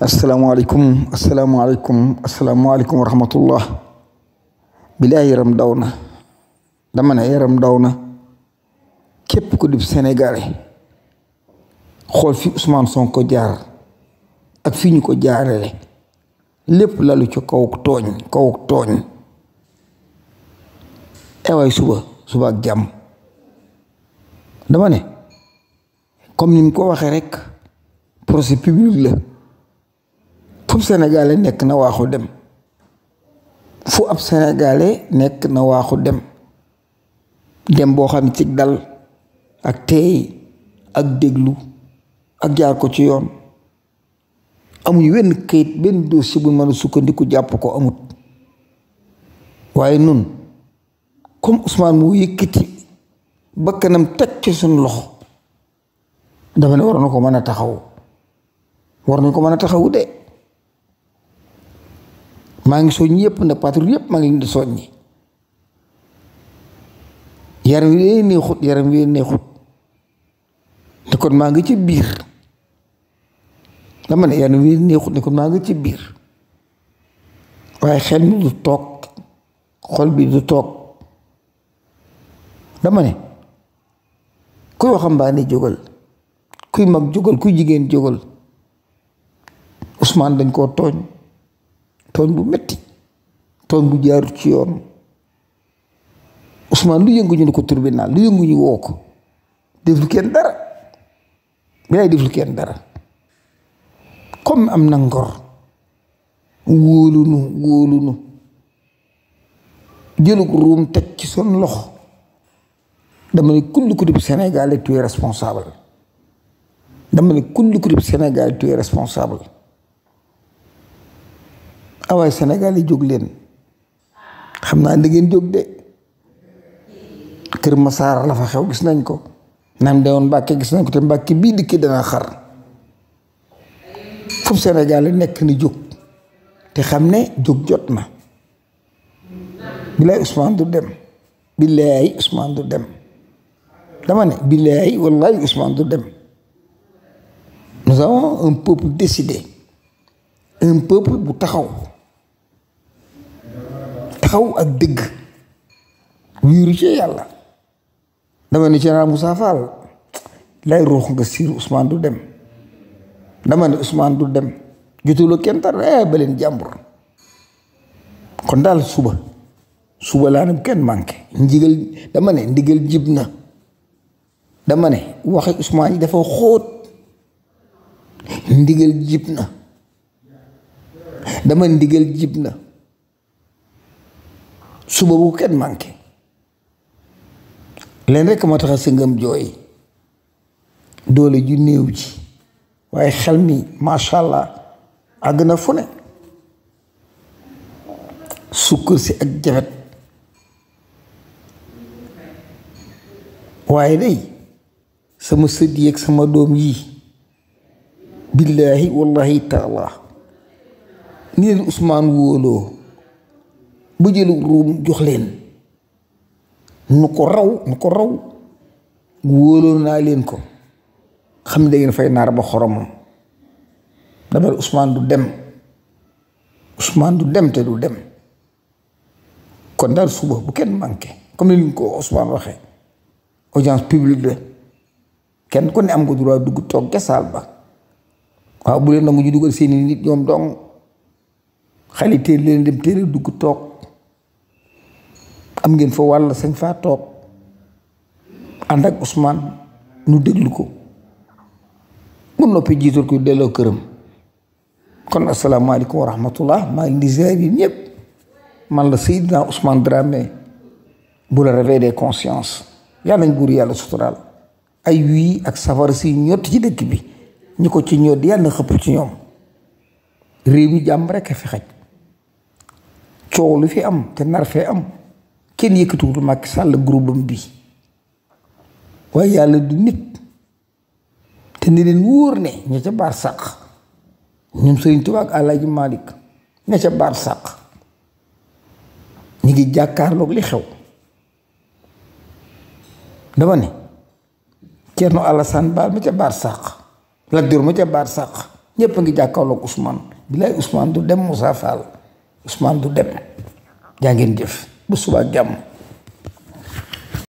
asalaamaaleykum asalaamaaleykum asalaamaaleykum wa rahmatullah bilaay yaram daw na dama ne yaram daw na képp ku dib Sénégalais xool fi Ousmane Sonko jaar ak fi ñu ko jaarale lépp lalu ci kaw tooñ kaw tooñ ewaay suba suba ak jàmm dama ne comme ni mu ko waxee rek procès public la fu nekk na waaxu dem fu ab senegaale nekk na waaxu dem dem boo xam ci dal ak teey ak déglu ak jaar ko ci yoon amuñ wenn kayit benn dossier bu mën a sukkandiku jàpp ko amut waaye nun comme Ousmane mu yëkkati bakkanam teg ci suñ loxo dafa ne war na ko mën a taxaw war nañ ko mën a taxawu de maa ngi soññ yëpp nag patrouille yëpp maa ngi leen di soññi yaram wi ne kon maa ngi ci biir dama ne yaram wi neexut ne kon maa ngi ci biir waaye xel mi du toog xol bi du toog dama ne kuy waxambaane jógal kuy mag jógal kuy jigéen jógal Ousmane dañ koo tooñ tooñ bu metti tooñ bu jaarut ci yoon Ousmane lu yëngu ñu ne ko tribunal lu yëngu ñu woo ko def lu kenn dara bilaay def lu kenn dara comme am na ngor wóolunu wóolunu ko ruum teg ci son loxo dama ne kulli ku dib Sénégal responsable dama ne kulli ku dib Sénégal responsable awaay ah Sénégal jóg leen xam naa da ngeen jóg de Kër Masaar la fa xew gis nañ ko naam de woon Mbàkke gis nañ ko te Mbàkke bii dikki dana xar foofu Sénégal nekk ni jóg te xam ne jóg jot na billaay Ousmane dem billaay Ousmane du dem dama ne billaay wallaay Ousmane dem nous avons un peuple décidé un peuple bu taxaw taxaw ak dëgg wiiru ci yàlla dama ni général Moussa Fall lay ruux nga siir Ousmane du dem dama ne Ousmane du dem jotuloo kenn tar eh ba jàmbur kon daal suba suba laa ne bu kenn manqué ndigal dama ne ndigal jib na dama ne waxe Ousmane yi dafa xóot ndigal jib na dama ndigal jib na suba bu kenn manqué leen rek moo tax a ngëm jooy doole ju néew ji waaye xel mi macha allah àgg na fu ne sukkar si ak jabet waaye day sama sët yi sama doom yi billaahi wallahi taala ni leen Ousmane wóoloo bu jëlu ruum jox leen nu ko raw nu ko raw wóoloon naa leen ko xam da ngeen fay naar ba xoromam damay Ousmane du dem Ousmane du dem te du dem kon daal suba bu kenn manqué comme ni ñu ko Ousmane waxee audience publique la kenn ku ne am ko du droit dugg toog gesaal ba waaw bu leen nangu ñu dugal seeni nit ñoom dong xale teel leen dem teel dugg toog am ngeen fa wàll sañ faa toog ànd ak Ousmane nu déglu ko bu noppi jiital ko delloo këram kon asalaamaaleykum wa rahmatullah maa ngi di ziar yi ñëpp man la Seydina Ousmane drame bu la réveil des consciences yàlla nañ buur yàlla suturaal ay wii ak safara si ñott ci dëkk bi ñu ko ci ñodd yàlla na xëpp ci ñoom réew mi jàmm rekk a fi xaj coow lu fi am te nar fee am kenn yëkkatuwul Macky Sall groupe am bi waaye yàlla du nit te ni leen wóor ne ña ca baar sàq ñoom Sëriñ Tuubaa ak Alaaji Malick ñu ngi jàkkaarlook li xew dama ne Thierno Alassane Ba mu ca baar sàq Lat Dior ma ca baar sàq ñëpp a ngi jàkkaarloog Ousmane bilaay Ousmane du dem Moussa Fall Ousmane du dem jaa jëf bu suba jàmm